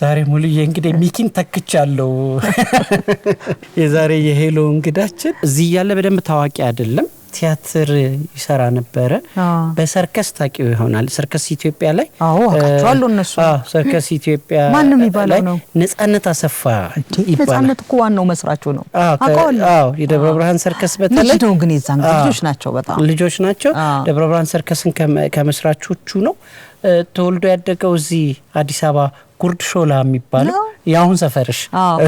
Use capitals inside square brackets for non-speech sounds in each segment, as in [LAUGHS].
ዛሬ ሙሉዬ እንግዲህ ሚኪን ተክቻለሁ። [LAUGHS] የዛሬ የሄሎ እንግዳችን እዚህ እያለ በደንብ ታዋቂ አይደለም። ቲያትር ይሰራ ነበረ። በሰርከስ ታውቂው ይሆናል። ሰርከስ ኢትዮጵያ ላይ አውቃቸዋሉ እነሱ። ሰርከስ ኢትዮጵያ ማንም ነው ነው ነጻነት አሰፋ ነጻነት እኮ ዋናው መስራቹ ነው። አዎ የደብረ ብርሃን ሰርከስ በተለይ ነው። ግን የዛን ልጆች ናቸው፣ በጣም ልጆች ናቸው። ደብረ ብርሃን ሰርከስን ከመስራቾቹ ነው። ተወልዶ ያደገው እዚህ አዲስ አበባ ጉርድ ሾላ የሚባለው የአሁን ሰፈርሽ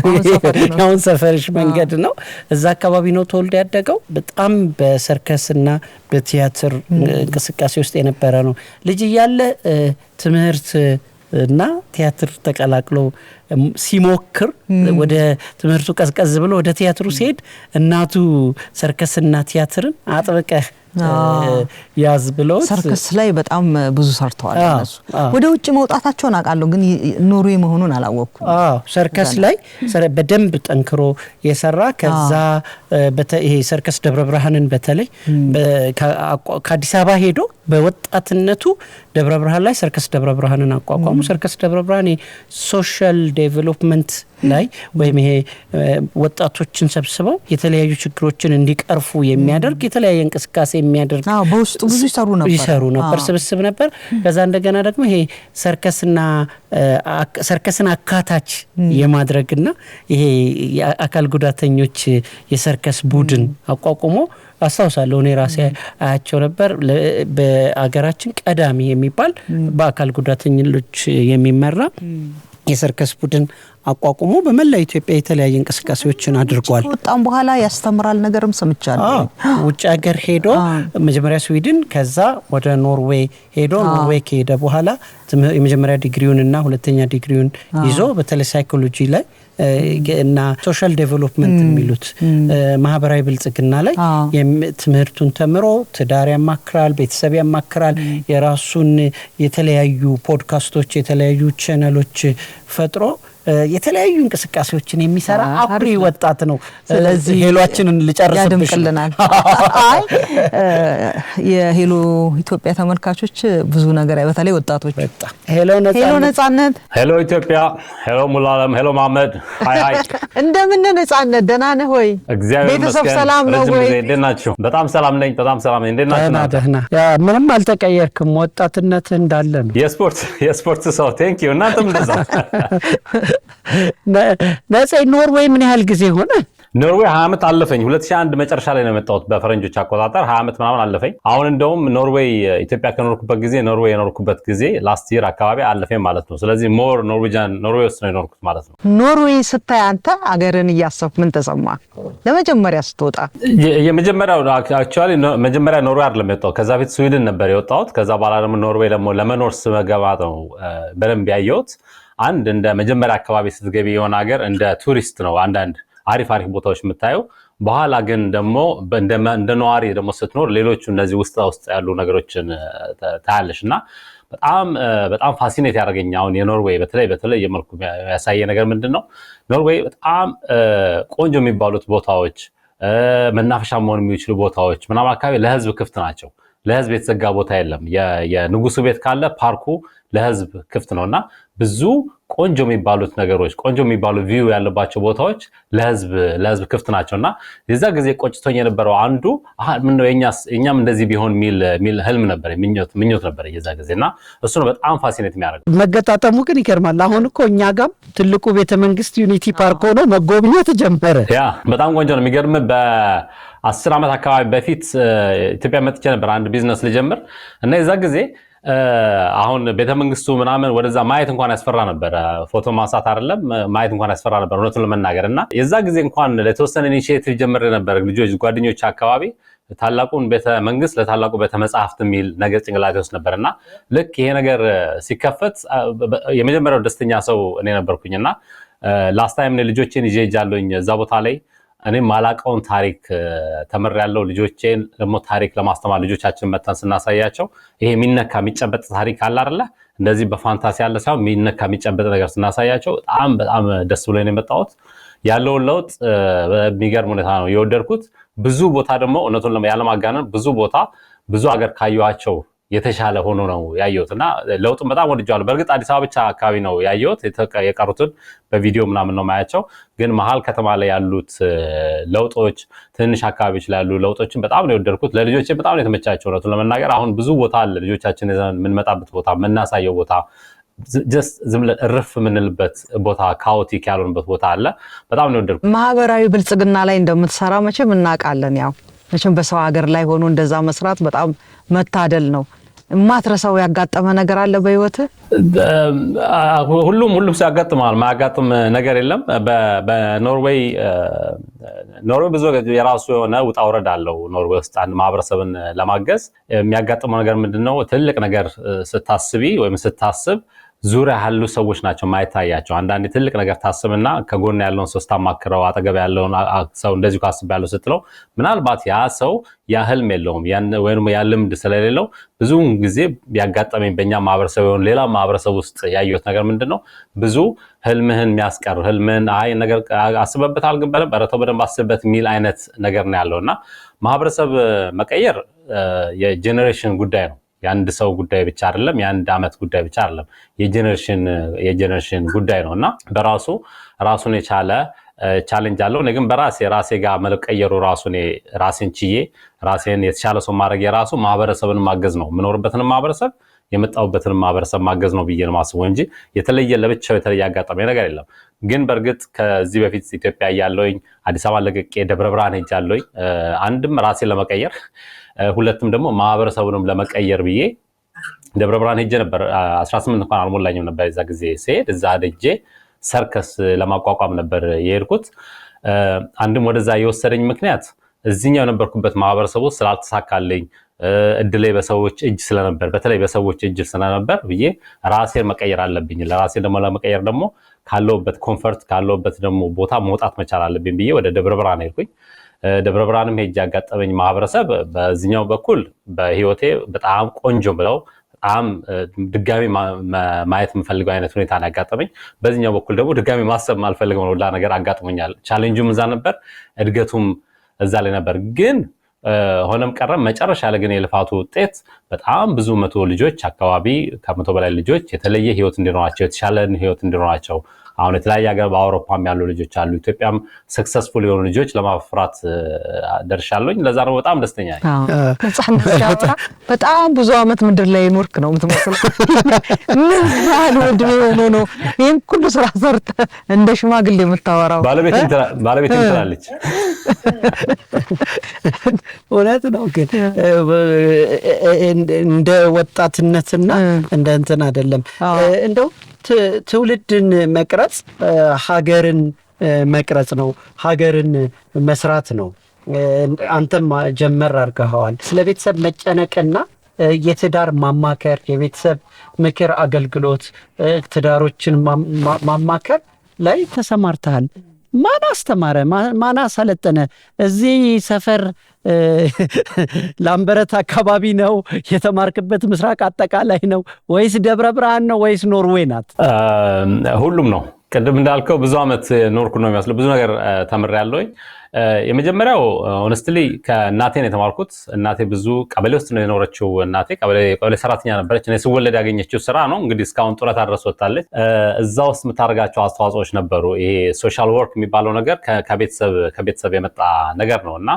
[LAUGHS] የአሁን ሰፈርሽ መንገድ ነው። እዛ አካባቢ ነው ተወልዶ ያደገው። በጣም በሰርከስና በቲያትር እንቅስቃሴ ውስጥ የነበረ ነው። ልጅ እያለ ትምህርት እና ቲያትር ተቀላቅሎ ሲሞክር ወደ ትምህርቱ ቀዝቀዝ ብሎ ወደ ቲያትሩ ሲሄድ እናቱ ሰርከስና ቲያትርን አጥብቀህ ያዝ ብለው ሰርከስ ላይ በጣም ብዙ ሰርተዋል። እነሱ ወደ ውጭ መውጣታቸውን አውቃለሁ፣ ግን ኖርዌይ መሆኑን አላወቅኩም። ሰርከስ ላይ በደንብ ጠንክሮ የሰራ ከዛ ይሄ ሰርከስ ደብረ ብርሃንን በተለይ ከአዲስ አበባ ሄዶ በወጣትነቱ ደብረ ብርሃን ላይ ሰርከስ ደብረ ብርሃንን አቋቋሙ። ሰርከስ ደብረ ብርሃን ሶሻል ዴቨሎፕመንት ላይ ወይም ይሄ ወጣቶችን ሰብስበው የተለያዩ ችግሮችን እንዲቀርፉ የሚያደርግ የተለያየ እንቅስቃሴ የሚያደርግ በውስጡ ብዙ ይሰሩ ነበር፣ ስብስብ ነበር። ከዛ እንደገና ደግሞ ይሄ ሰርከስና ሰርከስን አካታች የማድረግና ይሄ የአካል ጉዳተኞች የሰርከስ ቡድን አቋቁሞ አስታውሳለሁ እኔ ራሴ አያቸው ነበር። በአገራችን ቀዳሚ የሚባል በአካል ጉዳተኞች የሚመራ የሰርከስ ቡድን አቋቁሞ በመላ ኢትዮጵያ የተለያየ እንቅስቃሴዎችን አድርጓል። ወጣም በኋላ ያስተምራል ነገርም ሰምቻለሁ። ውጭ ሀገር ሄዶ መጀመሪያ ስዊድን፣ ከዛ ወደ ኖርዌይ ሄዶ ኖርዌይ ከሄደ በኋላ የመጀመሪያ ዲግሪውን እና ሁለተኛ ዲግሪውን ይዞ በተለይ ሳይኮሎጂ ላይ እና ሶሻል ዴቨሎፕመንት የሚሉት ማህበራዊ ብልጽግና ላይ ትምህርቱን ተምሮ ትዳር ያማክራል፣ ቤተሰብ ያማክራል። የራሱን የተለያዩ ፖድካስቶች፣ የተለያዩ ቻነሎች ፈጥሮ የተለያዩ እንቅስቃሴዎችን የሚሰራ አኩሪ ወጣት ነው። ስለዚህ ሄሏችንን ልጨርስብሽ ያደምቅልናል። የሄሎ ኢትዮጵያ ተመልካቾች ብዙ ነገር በተለይ ወጣቶች ሄሎ ነጻነት፣ ሄሎ ኢትዮጵያ፣ ሄሎ ሙላለም፣ ሄሎ ማመድ፣ ሀይ ሀይ፣ እንደምን ነጻነት፣ ደህና ነህ ወይ? ቤተሰብ ሰላም ነው ወይ? እንዴት ናችሁ? በጣም ሰላም ነኝ፣ በጣም ሰላም ነኝ። እንዴት ናችሁ? ደህና፣ ምንም አልተቀየርክም። ወጣትነት እንዳለ ነው። የስፖርት የስፖርት ሰው ቴንክ ዩ። እናንተም እንደዛ [LAUGHS] መጻይ ኖርዌይ ምን ያህል ጊዜ ሆነ? ኖርዌይ ሀያ ዓመት አለፈኝ። ሁለት ሺህ አንድ መጨረሻ ላይ ነው የመጣሁት በፈረንጆች አቆጣጠር ሀያ ዓመት ምናምን አለፈኝ። አሁን እንደውም ኖርዌይ ኢትዮጵያ ከኖርኩበት ጊዜ ኖርዌይ የኖርኩበት ጊዜ ላስት ይር አካባቢ አለፈኝ ማለት ነው። ስለዚህ ሞር ኖርዌጃን ኖርዌይ ውስጥ ነው የኖርኩት ማለት ነው። ኖርዌይ ስታይ አንተ አገርን እያሰብ ምን ተሰማ? ለመጀመሪያ ስትወጣ የመጀመሪያው አክቹዋሊ መጀመሪያ ኖርዌይ አይደለም የወጣው ከዛ ፊት ስዊድን ነበር የወጣሁት። ከዛ በኋላ ደግሞ ኖርዌይ ደግሞ ለመኖር ስመገባ ነው በደንብ ያየሁት። አንድ እንደ መጀመሪያ አካባቢ ስትገቢ የሆነ ሀገር እንደ ቱሪስት ነው አንዳንድ አሪፍ አሪፍ ቦታዎች የምታየው። በኋላ ግን ደግሞ እንደ ነዋሪ ደግሞ ስትኖር ሌሎቹ እነዚህ ውስጥ ውስጥ ያሉ ነገሮችን ታያለሽ እና በጣም በጣም ፋሲኔት ያደረገኝ አሁን የኖርዌይ በተለይ በተለይ የመልኩ ያሳየ ነገር ምንድን ነው? ኖርዌይ በጣም ቆንጆ የሚባሉት ቦታዎች መናፈሻ መሆን የሚችሉ ቦታዎች ምናምን አካባቢ ለህዝብ ክፍት ናቸው። ለህዝብ የተዘጋ ቦታ የለም። የንጉሱ ቤት ካለ ፓርኩ ለህዝብ ክፍት ነውና ብዙ ቆንጆ የሚባሉት ነገሮች ቆንጆ የሚባሉ ቪው ያለባቸው ቦታዎች ለህዝብ ለህዝብ ክፍት ናቸው እና የዛ ጊዜ ቆጭቶኝ የነበረው አንዱ ምነው የእኛም እንደዚህ ቢሆን የሚል ህልም ነበር፣ ምኞት ነበር የዛ ጊዜ እና እሱ ነው በጣም ፋሲኔት የሚያደርገው። መገጣጠሙ ግን ይገርማል። አሁን እኮ እኛ ጋም ትልቁ ቤተመንግስት ዩኒቲ ፓርክ ሆኖ መጎብኛ ተጀመረ። ያ በጣም ቆንጆ ነው። የሚገርም በአስር ዓመት አካባቢ በፊት ኢትዮጵያ መጥቼ ነበር አንድ ቢዝነስ ልጀምር እና የዛ ጊዜ አሁን ቤተመንግስቱ ምናምን ወደዛ ማየት እንኳን ያስፈራ ነበረ። ፎቶ ማንሳት አይደለም ማየት እንኳን ያስፈራ ነበር እውነቱን ለመናገር እና የዛ ጊዜ እንኳን ለተወሰነ ኢኒሽቲቭ ጀምር ነበር ልጆች ጓደኞች አካባቢ ታላቁን ቤተ መንግስት ለታላቁ ቤተ መጽሐፍት የሚል ነገር ጭንቅላቴ ውስጥ ነበር እና ልክ ይሄ ነገር ሲከፈት የመጀመሪያው ደስተኛ ሰው እኔ ነበርኩኝ እና ላስታይም ልጆችን ይዤ እጃለሁኝ እዛ ቦታ ላይ እኔም ማላቀውን ታሪክ ተምር ያለው ልጆቼን ደግሞ ታሪክ ለማስተማር ልጆቻችን መተን ስናሳያቸው ይሄ የሚነካ የሚጨበጥ ታሪክ አለ አለ እንደዚህ በፋንታሲ ያለ ሳይሆን የሚነካ የሚጨበጥ ነገር ስናሳያቸው በጣም በጣም ደስ ብሎ ነው የመጣሁት። ያለውን ለውጥ በሚገርም ሁኔታ ነው የወደድኩት። ብዙ ቦታ ደግሞ እውነቱን ያለማጋነን ብዙ ቦታ ብዙ ሀገር ካየኋቸው የተሻለ ሆኖ ነው ያየሁት እና ለውጡን በጣም ወድጀዋለሁ። በእርግጥ አዲስ አበባ ብቻ አካባቢ ነው ያየሁት፣ የቀሩትን በቪዲዮ ምናምን ነው ማያቸው። ግን መሀል ከተማ ላይ ያሉት ለውጦች፣ ትንሽ አካባቢዎች ላይ ያሉ ለውጦችን በጣም ነው የወደድኩት። ለልጆች በጣም ነው የተመቻቸው። እውነቱን ለመናገር አሁን ብዙ ቦታ አለ፣ ልጆቻችን የምንመጣበት ቦታ፣ የምናሳየው ቦታ ጀስት ዝም እርፍ የምንልበት ቦታ ካዎቲክ ያልሆንበት ቦታ አለ። በጣም ነው የወደድኩት። ማህበራዊ ብልጽግና ላይ እንደምትሰራ መቼም እናውቃለን። ያው መቼም በሰው ሀገር ላይ ሆኖ እንደዛ መስራት በጣም መታደል ነው። የማትረሳው ያጋጠመ ነገር አለ በህይወት? ሁሉም ሁሉም ሲያጋጥመዋል። ማያጋጥም ነገር የለም። በኖርዌይ ኖርዌይ ብዙ የራሱ የሆነ ውጣ ውረድ አለው። ኖርዌይ ውስጥ አንድ ማህበረሰብን ለማገዝ የሚያጋጥመው ነገር ምንድነው? ትልቅ ነገር ስታስቢ ወይም ስታስብ ዙሪያ ያሉ ሰዎች ናቸው ማይታያቸው። አንዳንድ ትልቅ ነገር ታስብና ከጎን ያለውን ሰው ስታማክረው አጠገብ ያለውን ሰው እንደዚሁ ካስብ ያለው ስትለው ምናልባት ያ ሰው ያህልም የለውም ወይም ያ ልምድ ስለሌለው ብዙውን ጊዜ ያጋጠመኝ በእኛ ማህበረሰብ ሆን ሌላ ማህበረሰብ ውስጥ ያየሁት ነገር ምንድን ነው? ብዙ ህልምህን የሚያስቀር ህልምህን አይ ነገር አስበበት አልገበለም ረተው በደንብ አስበት የሚል አይነት ነገር ነው ያለው እና ማህበረሰብ መቀየር የጄኔሬሽን ጉዳይ ነው። የአንድ ሰው ጉዳይ ብቻ አይደለም፣ የአንድ ዓመት ጉዳይ ብቻ አይደለም፣ የጀኔሬሽን ጉዳይ ነው እና በራሱ ራሱን የቻለ ቻሌንጅ አለው። እኔ ግን በራሴ ራሴ ጋር መቀየሩ ራሱ ራሴን ችዬ ራሴን የተሻለ ሰው ማድረግ የራሱ ማህበረሰብን ማገዝ ነው የምኖርበትን ማህበረሰብ የመጣሁበትን ማህበረሰብ ማገዝ ነው ብዬ ነው ማስበው እንጂ የተለየ ለብቻው የተለየ አጋጣሚ ነገር የለም። ግን በእርግጥ ከዚህ በፊት ኢትዮጵያ እያለሁኝ አዲስ አበባ ለቅቄ ደብረ ብርሃን ሄጃለሁኝ። አንድም ራሴን ለመቀየር፣ ሁለትም ደግሞ ማህበረሰቡንም ለመቀየር ብዬ ደብረ ብርሃን ሄጄ ነበር። 18 እንኳን አልሞላኝም ነበር የዛ ጊዜ ስሄድ፣ እዛ ደጄ ሰርከስ ለማቋቋም ነበር የሄድኩት። አንድም ወደዛ የወሰደኝ ምክንያት እዚህኛው የነበርኩበት ማህበረሰቡ ስላልተሳካልኝ እድሌ በሰዎች እጅ ስለነበር በተለይ በሰዎች እጅ ስለነበር ብዬ ራሴን መቀየር አለብኝ። ለራሴ ደግሞ ለመቀየር ደግሞ ካለውበት ኮንፈርት ካለውበት ደግሞ ቦታ መውጣት መቻል አለብኝ ብዬ ወደ ደብረ ብርሃን ሄድኩኝ። ደብረ ብርሃንም ሄጅ ያጋጠመኝ ማህበረሰብ በዚኛው በኩል በህይወቴ በጣም ቆንጆ ብለው በጣም ድጋሚ ማየት የምፈልገው አይነት ሁኔታ ነው ያጋጠመኝ። በዚኛው በኩል ደግሞ ድጋሚ ማሰብ ማልፈልገው ሁላ ነገር አጋጥሞኛል። ቻሌንጁም እዛ ነበር፣ እድገቱም እዛ ላይ ነበር ግን ሆነም ቀረም መጨረሻ ላይ ግን የልፋቱ ውጤት በጣም ብዙ መቶ ልጆች አካባቢ ከመቶ በላይ ልጆች የተለየ ህይወት እንዲኖራቸው የተሻለን ህይወት እንዲኖራቸው አሁን የተለያየ ሀገር በአውሮፓም ያሉ ልጆች አሉ። ኢትዮጵያም ሰክሰስፉል የሆኑ ልጆች ለማፍራት ደርሻለኝ። ለዛ ነው በጣም ደስተኛ በጣም ብዙ አመት ምድር ላይ ኖርክ ነው የምትመስለው። ምን ሆኖ ነው ይህን ሁሉ ስራ ሰርተ እንደ ሽማግሌ የምታወራው? ባለቤት ትላለች። እውነት ነው ግን እንደ ወጣትነትና እንደ እንትን አይደለም እንደው ትውልድን መቅረብ መቅረጽ ሀገርን መቅረጽ ነው፣ ሀገርን መስራት ነው። አንተም ጀመር አድርገኸዋል። ስለ ቤተሰብ መጨነቅና የትዳር ማማከር የቤተሰብ ምክር አገልግሎት ትዳሮችን ማማከር ላይ ተሰማርተሃል። ማን አስተማረ? ማን አሰለጠነ? እዚህ ሰፈር ላምበረት አካባቢ ነው የተማርክበት? ምስራቅ አጠቃላይ ነው ወይስ ደብረ ብርሃን ነው ወይስ ኖርዌይ ናት? ሁሉም ነው። ቅድም እንዳልከው ብዙ ዓመት ኖርኩ ነው የሚመስለው። ብዙ ነገር ተምሬያለሁኝ። የመጀመሪያው ሆነስትሊ ከእናቴ ነው የተማርኩት። እናቴ ብዙ ቀበሌ ውስጥ ነው የኖረችው። እናቴ ቀበሌ ሰራተኛ ነበረች። እኔ ስወለድ ያገኘችው ስራ ነው። እንግዲህ እስካሁን ጡረታ ድረስ ወጥታለች። እዛ ውስጥ የምታደርጋቸው አስተዋጽኦዎች ነበሩ። ይሄ ሶሻል ወርክ የሚባለው ነገር ከቤተሰብ የመጣ ነገር ነው እና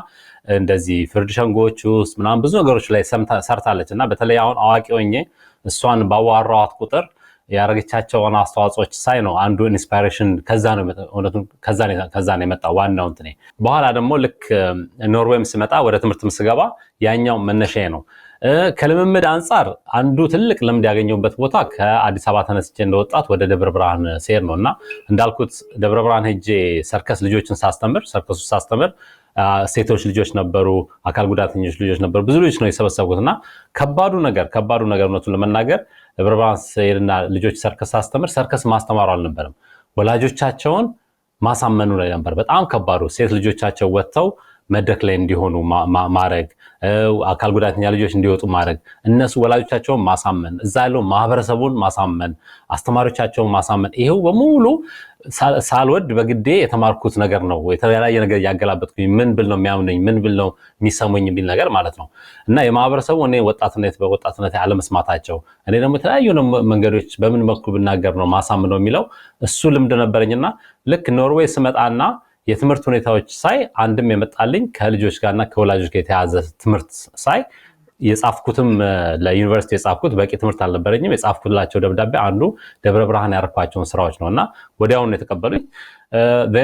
እንደዚህ ፍርድ ሸንጎች ውስጥ ምናምን ብዙ ነገሮች ላይ ሰርታለች እና በተለይ አሁን አዋቂ ሆኜ እሷን ባዋራዋት ቁጥር ያደረገቻቸውን አስተዋጽኦች ሳይ ነው አንዱ ኢንስፓይሬሽን ከዛ ነው የመጣው ዋናው እንትኔ። በኋላ ደግሞ ልክ ኖርዌይም ስመጣ ወደ ትምህርትም ስገባ ያኛው መነሻዬ ነው። ከልምምድ አንጻር አንዱ ትልቅ ልምድ ያገኘሁበት ቦታ ከአዲስ አበባ ተነስቼ እንደወጣት ወደ ደብረ ብርሃን ሴር ነው እና እንዳልኩት ደብረ ብርሃን ሄጄ ሰርከስ ልጆችን ሳስተምር ሰርከሱ ሳስተምር ሴቶች ልጆች ነበሩ፣ አካል ጉዳተኞች ልጆች ነበሩ። ብዙ ልጆች ነው የሰበሰብኩት እና ከባዱ ነገር ከባዱ ነገር እውነቱን ለመናገር ደብረ ብርሃን ስሄድና ልጆች ሰርከስ አስተምር ሰርከስ ማስተማሩ አልነበረም፣ ወላጆቻቸውን ማሳመኑ ላይ ነበር በጣም ከባዱ። ሴት ልጆቻቸው ወጥተው መድረክ ላይ እንዲሆኑ ማድረግ፣ አካል ጉዳተኛ ልጆች እንዲወጡ ማድረግ፣ እነሱ ወላጆቻቸውን ማሳመን፣ እዛ ያለው ማህበረሰቡን ማሳመን፣ አስተማሪዎቻቸውን ማሳመን፣ ይሄው በሙሉ ሳልወድ በግዴ የተማርኩት ነገር ነው። የተለያየ ነገር ያገላበጥኩኝ ምን ብል ነው የሚያምነኝ ምን ብል ነው የሚሰሙኝ የሚል ነገር ማለት ነው እና የማህበረሰቡ እኔ ወጣትነት በወጣትነት አለመስማታቸው እኔ ደግሞ የተለያዩ መንገዶች በምን መልኩ ብናገር ነው ማሳምነው የሚለው እሱ ልምድ ነበረኝና ልክ ኖርዌይ ስመጣና የትምህርት ሁኔታዎች ሳይ አንድም የመጣልኝ ከልጆች ጋርና ከወላጆች ጋር የተያዘ ትምህርት ሳይ የጻፍኩትም ለዩኒቨርሲቲ የጻፍኩት በቂ ትምህርት አልነበረኝም። የጻፍኩላቸው ደብዳቤ አንዱ ደብረ ብርሃን ያረኳቸውን ስራዎች ነው እና ወዲያውኑ የተቀበሉኝ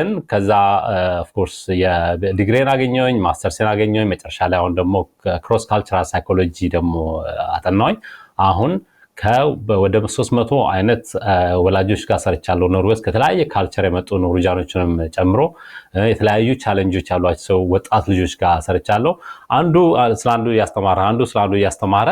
ን ከዛ ኦፍኮርስ የዲግሬን አገኘውኝ ማስተርሴን አገኘውኝ መጨረሻ ላይ አሁን ደግሞ ክሮስ ካልቸራል ሳይኮሎጂ ደግሞ አጠናውኝ አሁን ወደ 300 አይነት ወላጆች ጋር ሰርቻለሁ። ኖርዌይ ውስጥ ከተለያየ ካልቸር የመጡ ኖርጃኖችንም ጨምሮ የተለያዩ ቻለንጆች ያሏቸው ወጣት ልጆች ጋር ሰርቻለሁ። አንዱ ስላንዱ እያስተማረ አንዱ ስላንዱ እያስተማረ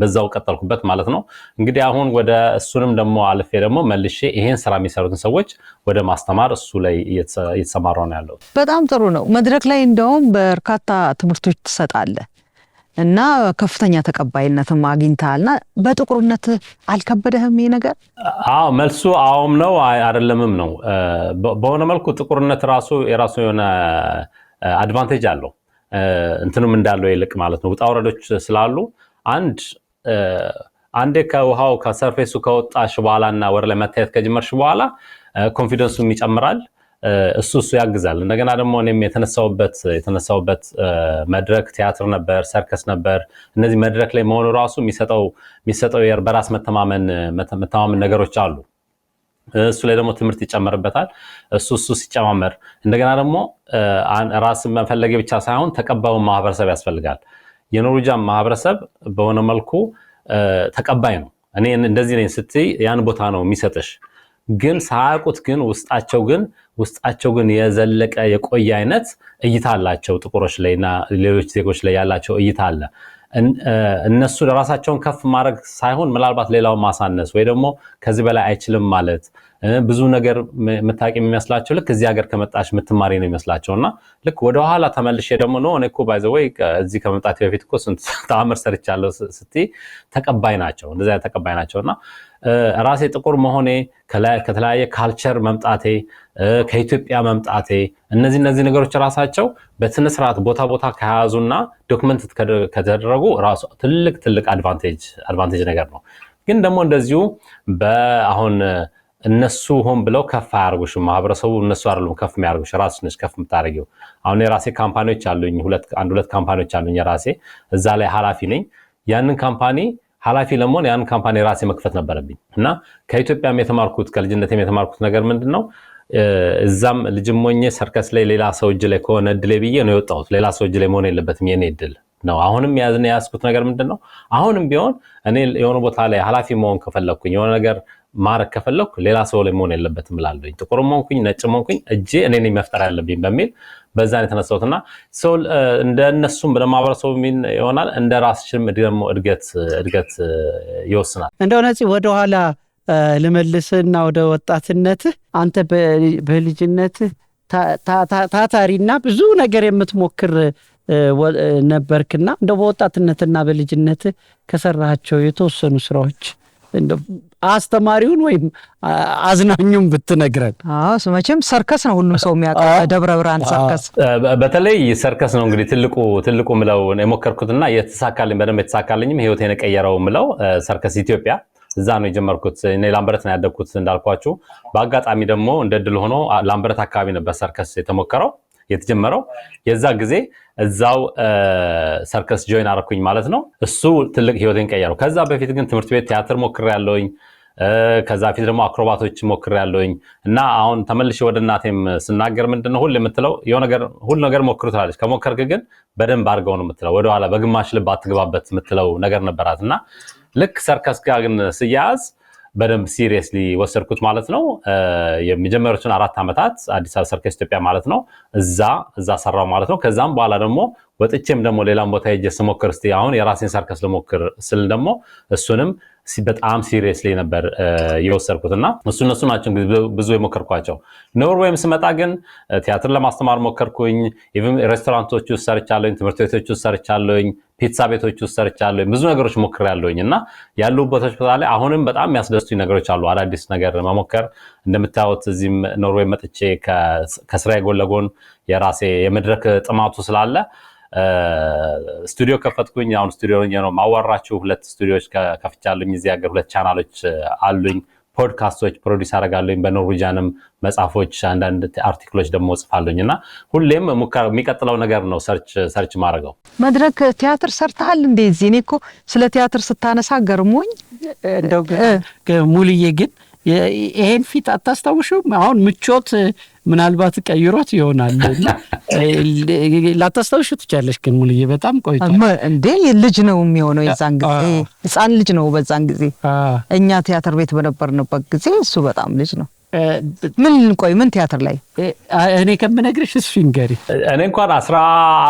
በዛው ቀጠልኩበት ማለት ነው። እንግዲህ አሁን ወደ እሱንም ደግሞ አልፌ ደግሞ መልሼ ይሄን ስራ የሚሰሩትን ሰዎች ወደ ማስተማር እሱ ላይ እየተሰማራ ነው ያለው። በጣም ጥሩ ነው። መድረክ ላይ እንደውም በርካታ ትምህርቶች ትሰጣለህ። እና ከፍተኛ ተቀባይነትም አግኝተሃልና በጥቁርነት አልከበደህም ይህ ነገር? አዎ መልሱ አዎም ነው አይደለምም ነው። በሆነ መልኩ ጥቁርነት ራሱ የራሱ የሆነ አድቫንቴጅ አለው እንትንም እንዳለው ይልቅ ማለት ነው። ውጣ ውረዶች ስላሉ አንድ አንዴ ከውሃው ከሰርፌሱ ከወጣሽ በኋላ እና ወደ ላይ መታየት ከጀመርሽ በኋላ ኮንፊደንሱም ይጨምራል። እሱ እሱ ያግዛል። እንደገና ደግሞ እኔም የተነሳውበት የተነሳውበት መድረክ ቲያትር ነበር፣ ሰርከስ ነበር። እነዚህ መድረክ ላይ መሆኑ ራሱ የሚሰጠው በራስ መተማመን መተማመን ነገሮች አሉ። እሱ ላይ ደግሞ ትምህርት ይጨመርበታል። እሱ እሱ ሲጨማመር እንደገና ደግሞ ራስን መፈለገ ብቻ ሳይሆን ተቀባዩን ማህበረሰብ ያስፈልጋል። የኖርዌጃን ማህበረሰብ በሆነ መልኩ ተቀባይ ነው። እኔ እንደዚህ ነኝ ስትይ ያን ቦታ ነው የሚሰጥሽ። ግን ሳያውቁት ግን ውስጣቸው ግን ውስጣቸው ግን የዘለቀ የቆየ አይነት እይታ አላቸው። ጥቁሮች ላይና ሌሎች ዜጎች ላይ ያላቸው እይታ አለ። እነሱ ራሳቸውን ከፍ ማድረግ ሳይሆን ምናልባት ሌላውን ማሳነስ ወይ ደግሞ ከዚህ በላይ አይችልም ማለት ብዙ ነገር ምታቂ የሚመስላቸው ልክ እዚህ ሀገር ከመጣሽ ምትማሪ ነው የሚመስላቸው እና ልክ ወደኋላ ተመልሼ ደግሞ ነው እኔ እኮ ባይዘወይ እዚህ ከመምጣት በፊት እኮ ስንት [LAUGHS] ተአምር ሰርቻለሁ ስትይ ተቀባይ ናቸው። እንደዚህ አይነት ተቀባይ ናቸው እና ራሴ ጥቁር መሆኔ ከተለያየ ካልቸር መምጣቴ ከኢትዮጵያ መምጣቴ እነዚህ እነዚህ ነገሮች ራሳቸው በስነ ስርዓት ቦታ ቦታ ከያዙና ዶክመንት ከተደረጉ ራሱ ትልቅ ትልቅ አድቫንቴጅ ነገር ነው። ግን ደግሞ እንደዚሁ በአሁን እነሱ ሆን ብለው ከፍ አያርጉሽ፣ ማህበረሰቡ እነሱ አይደሉም ከፍ የሚያርጉሽ፣ ራስሽ ነሽ ከፍ የምታደርጊው። አሁን የራሴ ካምፓኒዎች አሉኝ፣ አንድ ሁለት ካምፓኒዎች አሉኝ የራሴ እዛ ላይ ኃላፊ ነኝ። ያንን ካምፓኒ ኃላፊ ለመሆን ያን ካምፓኒ ራሴ መክፈት ነበረብኝ እና ከኢትዮጵያም የተማርኩት ከልጅነትም የተማርኩት ነገር ምንድን ነው እዛም ልጅም ሞኜ ሰርከስ ላይ ሌላ ሰው እጅ ላይ ከሆነ እድሌ ብዬ ነው የወጣሁት። ሌላ ሰው እጅ ላይ መሆን የለበትም የኔ እድል ነው። አሁንም የያዝኩት ነገር ምንድን ነው? አሁንም ቢሆን እኔ የሆነ ቦታ ላይ ኃላፊ መሆን ከፈለግኩኝ የሆነ ነገር ማድረግ ከፈለኩ ሌላ ሰው ላይ መሆን የለበትም እላለሁኝ። ጥቁር ሆንኩኝ ነጭ ሆንኩኝ እጄ እኔን መፍጠር ያለብኝ በሚል በዛን የተነሳሁት እና ሰው እንደነሱም ለማህበረሰቡ ይሆናል እንደ ራስሽም ደግሞ እድገት ይወስናል። እንደው ነፂ ወደኋላ ልመልስና ወደ ወጣትነት አንተ በልጅነት ታታሪና ብዙ ነገር የምትሞክር ነበርክና እንደው በወጣትነትና በልጅነት ከሰራቸው የተወሰኑ ስራዎች አስተማሪውን ወይም አዝናኙን ብትነግረን። መቼም ሰርከስ ነው ሁሉም ሰው የሚያውቀው ደብረ ብርሃን ሰርከስ፣ በተለይ ሰርከስ ነው እንግዲህ ትልቁ ትልቁ ምለው የሞከርኩትና የተሳካልኝ በደንብ የተሳካልኝም ህይወቴን የቀየረው ምለው ሰርከስ ኢትዮጵያ እዛ ነው የጀመርኩት። እኔ ላምበረት ነው ያደግኩት እንዳልኳችሁ። በአጋጣሚ ደግሞ እንደ ድል ሆኖ ላምበረት አካባቢ ነበር ሰርከስ የተሞከረው የተጀመረው የዛ ጊዜ እዛው ሰርከስ ጆይን አረኩኝ ማለት ነው። እሱ ትልቅ ህይወቴን ቀየረው። ከዛ በፊት ግን ትምህርት ቤት ቲያትር ሞክር ያለውኝ ከዛ በፊት ደግሞ አክሮባቶች ሞክር ያለውኝ እና አሁን ተመልሼ ወደ እናቴም ስናገር ምንድነው ነው ሁሉ የምትለው ሁሉ ነገር ሞክሩ ትላለች። ከሞከርክ ግን በደንብ አድርገው ነው የምትለው፣ ወደኋላ በግማሽ ልብ አትግባበት የምትለው ነገር ነበራት እና ልክ ሰርከስ ጋር ግን ስያያዝ በደንብ ሲሪየስሊ ወሰድኩት ማለት ነው። የመጀመሪያዎቹን አራት ዓመታት አዲስ አበባ ሰርከስ ኢትዮጵያ ማለት ነው እዛ እዛ ሰራው ማለት ነው። ከዛም በኋላ ደግሞ ወጥቼም ደግሞ ሌላም ቦታ ሄጄ ስሞክር እስኪ አሁን የራሴን ሰርከስ ልሞክር ስል ደግሞ እሱንም በጣም ላይ ነበር የወሰድኩት እና እሱ እነሱ ናቸው እንግዲህ ብዙ የሞከርኳቸው። ኖርዌይም ስመጣ ግን ቲያትር ለማስተማር ሞከርኩኝ። ኢቭን ሬስቶራንቶች ውስጥ ሰርቻለኝ፣ ትምህርት ቤቶች ውስጥ ሰርቻለኝ፣ ፒትሳ ቤቶች ውስጥ ሰርቻለኝ። ብዙ ነገሮች ሞክሬያለሁኝ እና ያሉ ቦታዎች ቦታ ላይ አሁንም በጣም የሚያስደስቱኝ ነገሮች አሉ። አዳዲስ ነገር መሞከር እንደምታዩት እዚህም ኖርዌይ መጥቼ ከስራ ጎን ለጎን የራሴ የመድረክ ጥማቱ ስላለ ስቱዲዮ ከፈትኩኝ። አሁን ስቱዲዮ ነው ማዋራችሁ። ሁለት ስቱዲዮዎች ከፍቻለኝ። እዚህ ሀገር ሁለት ቻናሎች አሉኝ። ፖድካስቶች ፕሮዲስ አደርጋለሁኝ። በኖርዌጃንም መጽሐፎች፣ አንዳንድ አርቲክሎች ደግሞ ጽፋለኝ እና ሁሌም የሚቀጥለው ነገር ነው ሰርች ማድረገው። መድረክ ቲያትር ሰርተሃል እንዴ? እዚህ እኔ እኮ ስለ ቲያትር ስታነሳ ገርሞኝ እንደው ሙሉዬ ግን ይሄን ፊት አታስታውሹም? አሁን ምቾት ምናልባት ቀይሮት ይሆናል [LAUGHS] ላታስታውሹ ትቻለሽ። ግን ሙሉዬ በጣም ቆይቷል እንዴ! ልጅ ነው የሚሆነው የዛን ጊዜ ህፃን ልጅ ነው። በዛን ጊዜ እኛ ቲያትር ቤት በነበርንበት ጊዜ እሱ በጣም ልጅ ነው። ምን ቆይ ምን ቲያትር ላይ እኔ ከምነግርሽ እሱ ይንገሪ። እኔ እንኳን አስራ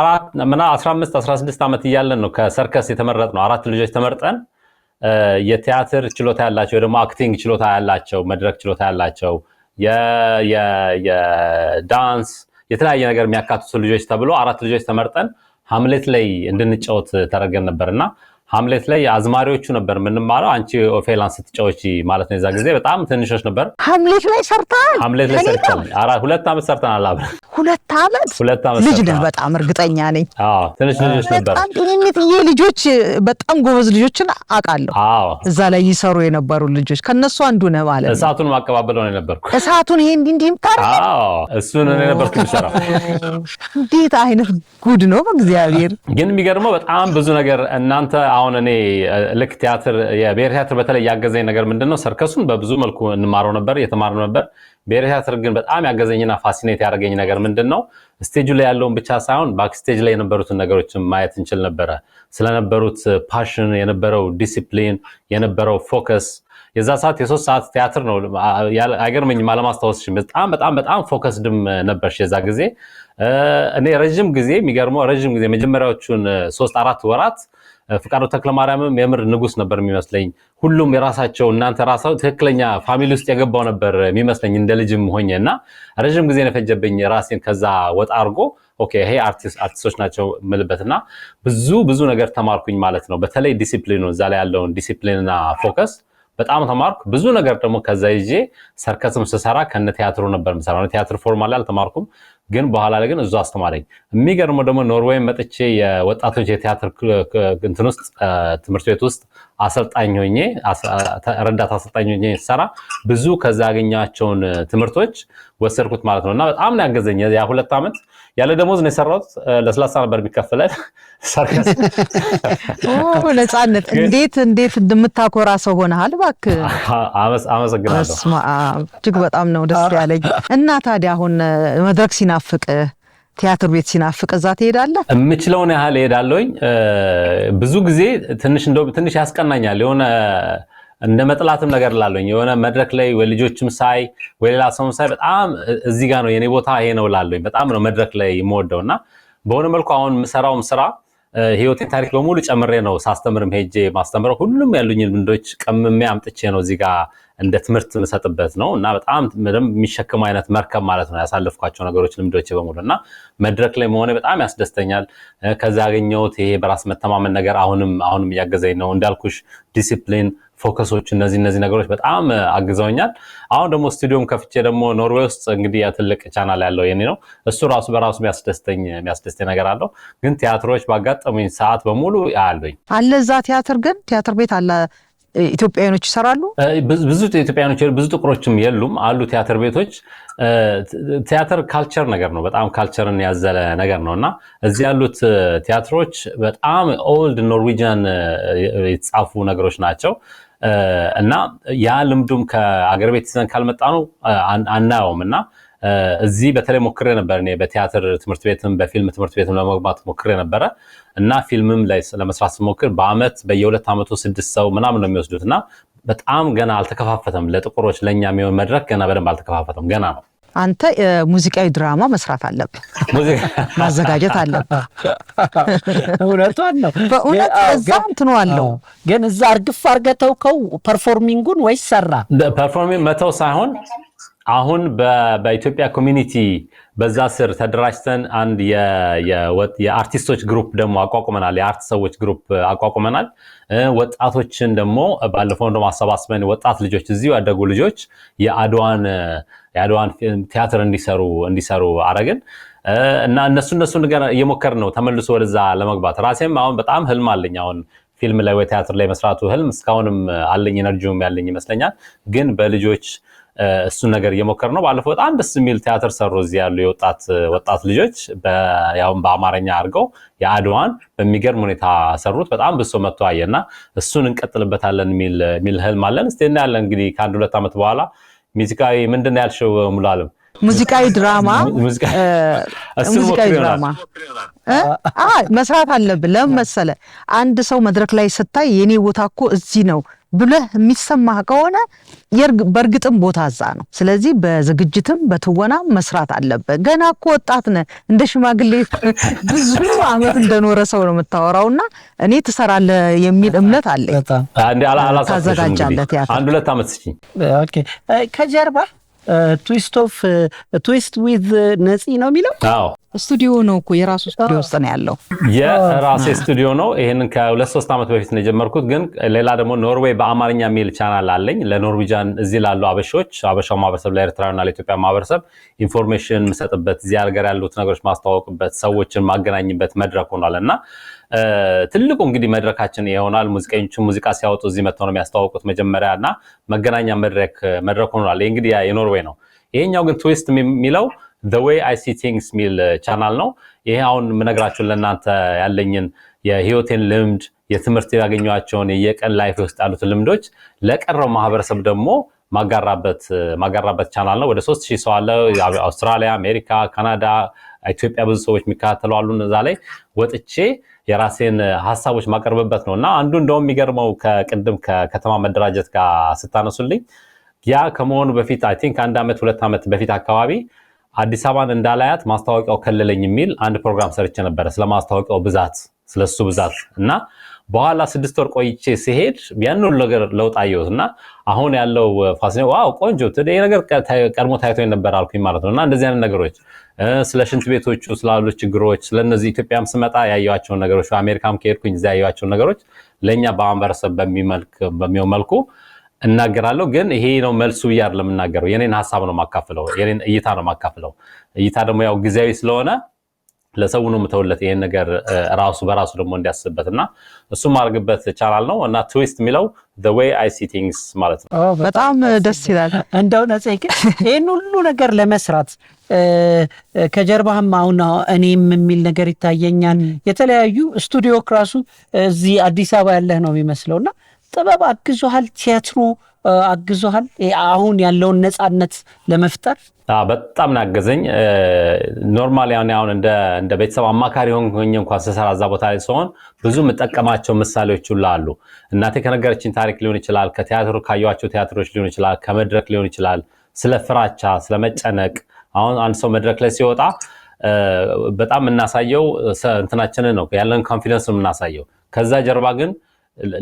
አራት ምና አስራ አምስት አስራ ስድስት ዓመት እያለን ነው ከሰርከስ የተመረጥ ነው አራት ልጆች ተመርጠን የቲያትር ችሎታ ያላቸው ደግሞ አክቲንግ ችሎታ ያላቸው መድረክ ችሎታ ያላቸው የዳንስ የተለያየ ነገር የሚያካትቱ ልጆች ተብሎ አራት ልጆች ተመርጠን ሀምሌት ላይ እንድንጫወት ተደርገን ነበር እና ሀምሌት ላይ አዝማሪዎቹ ነበር የምንማረው። አንቺ ኦፌላን ስትጫዎች ማለት ነው። የዛ ጊዜ በጣም ትንሾች ነበር። ሀምሌት ላይ ሰርተሃል? ሀምሌት ላይ ሰርተናል። ሁለት ዓመት ሰርተናል አብረን። ሁለት ዓመት ሁለት ዓመት ልጅ ነህ። በጣም እርግጠኛ ነኝ። ትንሽ ልጆች ነበር። በጣም ጤንነትዬ ልጆች፣ በጣም ጎበዝ ልጆችን አውቃለሁ። እዛ ላይ ይሰሩ የነበሩ ልጆች ከነሱ አንዱ ነህ ማለት ነው። እሳቱን ማቀባበል ነው የነበርኩ። እሳቱን ይሄ እንዲህ እንዲህ ምጣር። እሱን እኔ ነበርኩ የሚሰራው። እንዴት አይነት ጉድ ነው! በእግዚአብሔር ግን የሚገርመው በጣም ብዙ ነገር እናንተ አሁን እኔ ልክ ቲያትር የብሔር ቲያትር በተለይ ያገዘኝ ነገር ምንድን ነው? ሰርከሱን በብዙ መልኩ እንማረው ነበር እየተማርነው ነበር። ብሔር ቲያትር ግን በጣም ያገዘኝና ፋሲኔት ያደረገኝ ነገር ምንድን ነው? ስቴጁ ላይ ያለውን ብቻ ሳይሆን ባክስቴጅ ላይ የነበሩትን ነገሮችን ማየት እንችል ነበረ። ስለነበሩት ፓሽን፣ የነበረው ዲሲፕሊን፣ የነበረው ፎከስ የዛ ሰዓት የሶስት ሰዓት ቲያትር ነው። አይገርመኝም አለማስታወስሽም። በጣም በጣም በጣም ፎከስ ድም ነበርሽ የዛ ጊዜ። እኔ ረዥም ጊዜ የሚገርመው ረዥም ጊዜ መጀመሪያዎቹን ሶስት አራት ወራት ፍቃዱ ተክለማርያምም የምር ንጉስ ነበር የሚመስለኝ። ሁሉም የራሳቸው እናንተ ራሳው ትክክለኛ ፋሚሊ ውስጥ የገባው ነበር የሚመስለኝ እንደ ልጅም ሆኜ እና ረዥም ጊዜ የፈጀብኝ ራሴን ከዛ ወጣ አድርጎ ኦኬ ይሄ አርቲስቶች ናቸው ምልበት እና ብዙ ብዙ ነገር ተማርኩኝ ማለት ነው። በተለይ ዲሲፕሊኑ እዛ ላይ ያለውን ዲሲፕሊንና ፎከስ በጣም ተማርኩ። ብዙ ነገር ደግሞ ከዛ ይዤ ሰርከስም ስሰራ ከነ ቲያትሩ ነበር ምሰራ። ቲያትር ፎርማል አልተማርኩም ግን በኋላ ላይ ግን እዙ አስተማረኝ። የሚገርመው ደግሞ ኖርዌይ መጥቼ የወጣቶች የቲያትር እንትን ውስጥ ትምህርት ቤት ውስጥ አሰልጣኝ ሆኜ ረዳት አሰልጣኝ ሆኜ ሰራ ብዙ ከዛ ያገኛቸውን ትምህርቶች ወሰድኩት ማለት ነው። እና በጣም ነው ያገዘኝ። ያ ሁለት ዓመት ያለ ደሞዝ ነው የሰራሁት። ለስላሳ ነበር የሚከፈለን። [LAUGHS] ነፃነት! እንዴት እንዴት እንደምታኮራ ሰው ሆነሃል! እባክህ አመሰግናለሁ። እጅግ በጣም ነው ደስ ያለኝ። እና ታዲያ አሁን መድረክ ሲናፍቅህ ቲያትር ቤት ሲናፍቅ እዛ ትሄዳለህ? የምችለውን ያህል እሄዳለሁኝ። ብዙ ጊዜ ትንሽ እንደውም ትንሽ ያስቀናኛል የሆነ እንደ መጥላትም ነገር ላለኝ የሆነ መድረክ ላይ ወይ ልጆችም ሳይ ወይ ሌላ ሰውም ሳይ በጣም እዚህ ጋር ነው የኔ ቦታ ይሄ ነው ላለኝ በጣም ነው መድረክ ላይ የምወደው እና በሆነ መልኩ አሁን የምሰራውም ስራ ህይወት ታሪክ በሙሉ ጨምሬ ነው ሳስተምርም ሄጄ ማስተምረው ሁሉም ያሉኝ ልምዶች ቀምሜ አምጥቼ ነው እዚህ ጋር እንደ ትምህርት የምሰጥበት ነው እና በጣም የሚሸክም አይነት መርከብ ማለት ነው ያሳለፍኳቸው ነገሮች ልምዶች በሙሉ እና መድረክ ላይ መሆኔ በጣም ያስደስተኛል። ከዛ ያገኘሁት ይሄ በራስ መተማመን ነገር አሁንም አሁንም እያገዘኝ ነው እንዳልኩሽ ዲሲፕሊን ፎከሶች እነዚህ እነዚህ ነገሮች በጣም አግዘውኛል። አሁን ደግሞ ስቱዲዮም ከፍቼ ደግሞ ኖርዌይ ውስጥ እንግዲህ ትልቅ ቻናል ያለው የኔ ነው። እሱ ራሱ በራሱ የሚያስደስተኝ የሚያስደስተኝ ነገር አለው። ግን ቲያትሮች ባጋጠሙኝ ሰዓት በሙሉ አያለኝ አለ። እዛ ቲያትር ግን ቲያትር ቤት አለ ኢትዮጵያኖች ይሰራሉ። ብዙ ኢትዮጵያኖች ብዙ ጥቁሮችም የሉም አሉ ቲያትር ቤቶች። ቲያትር ካልቸር ነገር ነው፣ በጣም ካልቸርን ያዘለ ነገር ነው እና እዚህ ያሉት ቲያትሮች በጣም ኦልድ ኖርዊጂያን የተጻፉ ነገሮች ናቸው። እና ያ ልምዱም ከአገር ቤት ይዘን ካልመጣ ነው አናየውም። እና እዚህ በተለይ ሞክሬ ነበር እኔ በቲያትር ትምህርት ቤትም በፊልም ትምህርት ቤትም ለመግባት ሞክሬ ነበረ እና ፊልምም ለመስራት ስሞክር በአመት በየሁለት ዓመቱ ስድስት ሰው ምናምን ነው የሚወስዱት እና በጣም ገና አልተከፋፈተም። ለጥቁሮች ለእኛ የሚሆን መድረክ ገና በደንብ አልተከፋፈተም፣ ገና ነው። አንተ ሙዚቃዊ ድራማ መስራት አለብህ፣ ማዘጋጀት አለብህ። [LAUGHS] እውነቷን ነው። በእውነት እዛም ትኖዋለው። ግን እዛ እርግፍ አድርገህ ተውከው ፐርፎርሚንጉን ወይስ ሰራ? ፐርፎርሚንግ መተው ሳይሆን አሁን በኢትዮጵያ ኮሚኒቲ በዛ ስር ተደራጅተን አንድ የአርቲስቶች ግሩፕ ደግሞ አቋቁመናል። የአርት ሰዎች ግሩፕ አቋቁመናል። ወጣቶችን ደግሞ ባለፈው እንደውም አሰባስበን ወጣት ልጆች እዚሁ ያደጉ ልጆች የአድዋን የአድዋን ቲያትር እንዲሰሩ እንዲሰሩ አረግን እና እነሱ እነሱ ነገር እየሞከር ነው ተመልሶ ወደዛ ለመግባት ራሴም አሁን በጣም ህልም አለኝ አሁን ፊልም ላይ ወይ ቲያትር ላይ መስራቱ ህልም እስካሁንም አለኝ፣ ኤነርጂውም ያለኝ ይመስለኛል ግን በልጆች እሱን ነገር እየሞከር ነው። ባለፈው በጣም ደስ የሚል ቲያትር ሰሩ እዚህ ያሉ የወጣት ወጣት ልጆች ያውም በአማርኛ አድርገው የአድዋን በሚገርም ሁኔታ ሰሩት። በጣም ብሶ መጥቶ አየና እሱን እንቀጥልበታለን የሚል ህልም አለን። እስቲ እናያለን እንግዲህ ከአንድ ሁለት ዓመት በኋላ ሙዚቃዊ ምንድን ነው ያልሽው ሙሉ አለም ሙዚቃዊ ድራማ ሙዚቃዊ ድራማ መስራት አለብን። ለምን መሰለ አንድ ሰው መድረክ ላይ ስታይ የኔ ቦታ እኮ እዚህ ነው ብለህ የሚሰማህ ከሆነ በእርግጥም ቦታ እዛ ነው። ስለዚህ በዝግጅትም በትወና መስራት አለበት። ገና እኮ ወጣት ነህ። እንደ ሽማግሌ [LAUGHS] ብዙ አመት እንደኖረ ሰው ነው የምታወራው። እና እኔ ትሰራለህ የሚል እምነት አለኝ። ታዘጋጃለት አንድ ሁለት ዓመት ከጀርባ ትዊስት ኦፍ uh, ትዊስት ዊዝ ነፂ ነው የሚለው። አዎ ስቱዲዮ ነው እኮ የራሱ ስቱዲዮ ውስጥ ነው ያለው። የራሴ ስቱዲዮ ነው። ይህንን ከሁለት ሶስት ዓመት በፊት ነው የጀመርኩት። ግን ሌላ ደግሞ ኖርዌይ በአማርኛ የሚል ቻናል አለኝ ለኖርዊጃን እዚህ ላሉ አበሾች፣ አበሻው ማህበረሰብ ለኤርትራና ለኢትዮጵያ ማህበረሰብ ኢንፎርሜሽን የምሰጥበት እዚህ ሀገር ያሉት ነገሮች ማስተዋወቅበት፣ ሰዎችን ማገናኝበት መድረክ ሆኗል እና ትልቁ እንግዲህ መድረካችን ይሆናል። ሙዚቀኞቹ ሙዚቃ ሲያወጡ እዚህ መጥተው ነው የሚያስተዋውቁት መጀመሪያ እና መገናኛ መድረክ መድረክ ሆኗል። ይህ እንግዲህ የኖርዌይ ነው። ይሄኛው ግን ትዊስት የሚለው the way i የሚል ቻናል ነው። ይሄ አሁን የምነግራችሁን ለእናንተ ያለኝን የህይወቴን ልምድ የትምህርት ያገኘኋቸውን የየቀን ላይፍ ውስጥ ያሉትን ልምዶች ለቀረው ማህበረሰብ ደግሞ ማጋራበት ቻናል ነው። ወደ ሶስት ሺህ ሰው አለ። አውስትራሊያ፣ አሜሪካ፣ ካናዳ፣ ኢትዮጵያ ብዙ ሰዎች የሚከታተሉ አሉ። እዛ ላይ ወጥቼ የራሴን ሀሳቦች ማቀርብበት ነው እና አንዱ እንደውም የሚገርመው ከቅድም ከከተማ መደራጀት ጋር ስታነሱልኝ ያ ከመሆኑ በፊት አይ ቲንክ አንድ ዓመት ሁለት ዓመት በፊት አካባቢ አዲስ አበባን እንዳላያት ማስታወቂያው ከለለኝ የሚል አንድ ፕሮግራም ሰርቼ ነበረ። ስለ ማስታወቂያው ብዛት፣ ስለሱ ብዛት እና በኋላ ስድስት ወር ቆይቼ ሲሄድ ያንን ነገር ለውጥ አየሁት እና አሁን ያለው ፋሲ ዋው ቆንጆ ነገር ቀድሞ ታይቶ ነበር አልኩኝ ማለት ነው። እና እንደዚህ አይነት ነገሮች ስለ ሽንት ቤቶቹ ስላሉ ችግሮች፣ ስለነዚህ ኢትዮጵያም ስመጣ ያየኋቸውን ነገሮች፣ አሜሪካም ከሄድኩኝ እዚያ ያየኋቸውን ነገሮች ለእኛ በማህበረሰብ በሚሆን መልኩ እናገራለሁ። ግን ይሄ ነው መልሱ ብያር ለምናገረው የኔን ሀሳብ ነው ማካፍለው፣ የኔን እይታ ነው ማካፍለው እይታ ደግሞ ያው ጊዜያዊ ስለሆነ ለሰው ነው የምተውለት ይሄን ነገር ራሱ በራሱ ደግሞ እንዲያስብበት እና እሱ ማድረግበት ቻናል ነው እና ትዊስት የሚለው the way i see things ማለት ነው። በጣም ደስ ይላል። እንደው ነጽ ይሄን ሁሉ ነገር ለመስራት ከጀርባህም አሁን እኔም የሚል ነገር ይታየኛል። የተለያዩ ስቱዲዮ ክራሱ እዚህ አዲስ አበባ ያለህ ነው የሚመስለው እና ጥበብ አግዞሃል፣ ቲያትሩ አግዞሃል። አሁን ያለውን ነጻነት ለመፍጠር በጣም ናገዘኝ። ኖርማሊ አሁን እንደ ቤተሰብ አማካሪ ሆኜ እንኳን ስሰራ እዛ ቦታ ላይ ሲሆን ብዙ የምጠቀማቸው ምሳሌዎች ሁሉ አሉ። እናቴ ከነገረችኝ ታሪክ ሊሆን ይችላል፣ ከቲያትሩ ካየኋቸው ቲያትሮች ሊሆን ይችላል፣ ከመድረክ ሊሆን ይችላል። ስለ ፍራቻ፣ ስለ መጨነቅ። አሁን አንድ ሰው መድረክ ላይ ሲወጣ በጣም የምናሳየው እንትናችንን ነው፣ ያለን ኮንፊደንስ ነው የምናሳየው። ከዛ ጀርባ ግን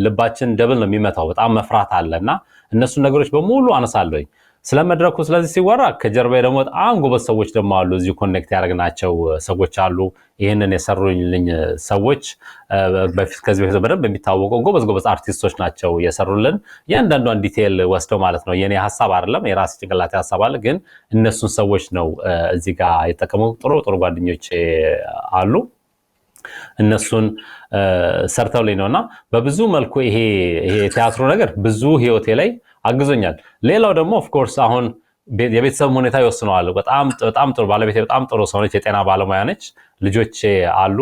ልባችን ደብል ነው የሚመታው። በጣም መፍራት አለ እና እነሱን ነገሮች በሙሉ አነሳለኝ። ስለ መድረኩ ስለዚህ ሲወራ ከጀርባ ደግሞ በጣም ጎበዝ ሰዎች ደግሞ አሉ። እዚህ ኮኔክት ያደረግናቸው ሰዎች አሉ። ይህንን የሰሩልኝ ሰዎች በፊት ከዚህ በፊት በደንብ የሚታወቀው ጎበዝ ጎበዝ አርቲስቶች ናቸው የሰሩልን። እያንዳንዷን ዲቴይል ወስደው ማለት ነው። የኔ ሀሳብ አይደለም፣ የራሴ ጭንቅላት ሀሳብ አለ፣ ግን እነሱን ሰዎች ነው እዚህ ጋር የጠቀሙ። ጥሩ ጥሩ ጓደኞች አሉ እነሱን ሰርተው ነው እና በብዙ መልኩ ይሄ ቲያትሩ ነገር ብዙ ህይወቴ ላይ አግዞኛል። ሌላው ደግሞ ኦፍኮርስ አሁን የቤተሰብ ሁኔታ ይወስነዋል። በጣም ጥሩ ባለቤቴ በጣም ጥሩ ሰው ነች፣ የጤና ባለሙያ ነች፣ ልጆቼ አሉ።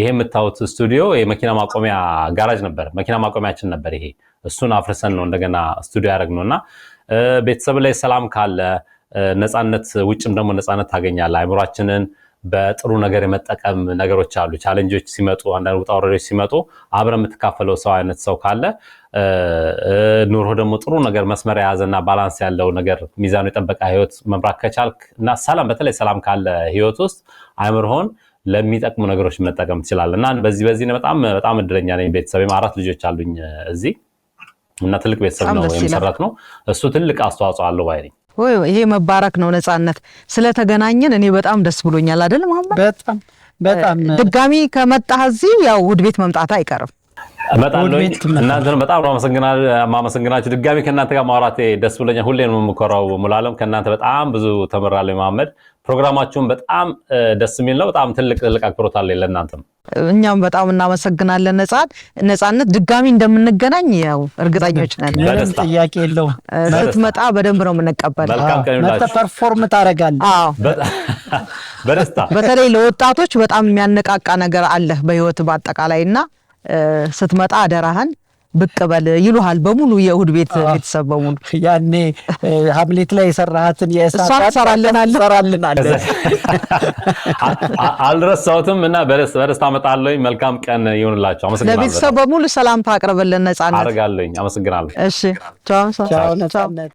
ይሄ የምታዩት ስቱዲዮ የመኪና ማቆሚያ ጋራጅ ነበር፣ መኪና ማቆሚያችን ነበር። ይሄ እሱን አፍርሰን ነው እንደገና ስቱዲዮ ያደረግነው እና ቤተሰብ ላይ ሰላም ካለ ነፃነት፣ ውጭም ደግሞ ነፃነት ታገኛለ አይምሯችንን በጥሩ ነገር የመጠቀም ነገሮች አሉ። ቻለንጆች ሲመጡ፣ አንዳንድ ውጣ ውረዶች ሲመጡ አብረ የምትካፈለው ሰው አይነት ሰው ካለ ኑሮ ደግሞ ጥሩ ነገር መስመር የያዘና ባላንስ ያለው ነገር ሚዛኑ የጠበቀ ህይወት መምራት ከቻልክ እና ሰላም፣ በተለይ ሰላም ካለ ህይወት ውስጥ አይምርሆን ለሚጠቅሙ ነገሮች መጠቀም ትችላለህ እና በዚህ በዚህ በጣም በጣም እድለኛ ነኝ። ቤተሰብ አራት ልጆች አሉኝ እዚህ እና ትልቅ ቤተሰብ ነው የመሰረት ነው እሱ ትልቅ አስተዋጽኦ አለው ባይ ነኝ። ወይ ይሄ መባረክ ነው ነጻነት። ስለተገናኘን እኔ በጣም ደስ ብሎኛል። አይደል መሐመድ? በጣም በጣም። ድጋሚ ከመጣህ እዚህ ያው ውድ ቤት መምጣት አይቀርም። እናንተንም በጣም ማመሰግናችሁ ድጋሚ ከእናንተ ጋር ማውራቴ ደስ ብሎኛል። ሁሌ ነው የምኮራው። ሙሉዓለም ከእናንተ በጣም ብዙ ተምራለሁ። መሐመድ ፕሮግራማችሁን በጣም ደስ የሚል ነው። በጣም ትልቅ ትልቅ አክብሮት አለ ለእናንተም። እኛም በጣም እናመሰግናለን። ነጻን ነጻነት ድጋሚ እንደምንገናኝ ያው እርግጠኞች ነን። ምንም ጥያቄ የለውም። ስትመጣ በደንብ ነው የምንቀበለው። መጥተህ ፐርፎርም ታደርጋለህ። በደስታ በተለይ ለወጣቶች በጣም የሚያነቃቃ ነገር አለ በህይወት በአጠቃላይ እና ስትመጣ አደራህን ብቅ በል ይሉሃል በሙሉ የእሑድ ቤት ቤተሰብ በሙሉ ያኔ ሀምሌት ላይ የሰራሃትን የእሷን ሰራልናለን አልረሳሁትም እና በደስታ እመጣለሁኝ መልካም ቀን አመሰግናለሁ። ለቤተሰብ በሙሉ ሰላምታ አቅርብልን ነጻነት አርጋለኝ። አመሰግናለሁ እሺ ቻው ቻው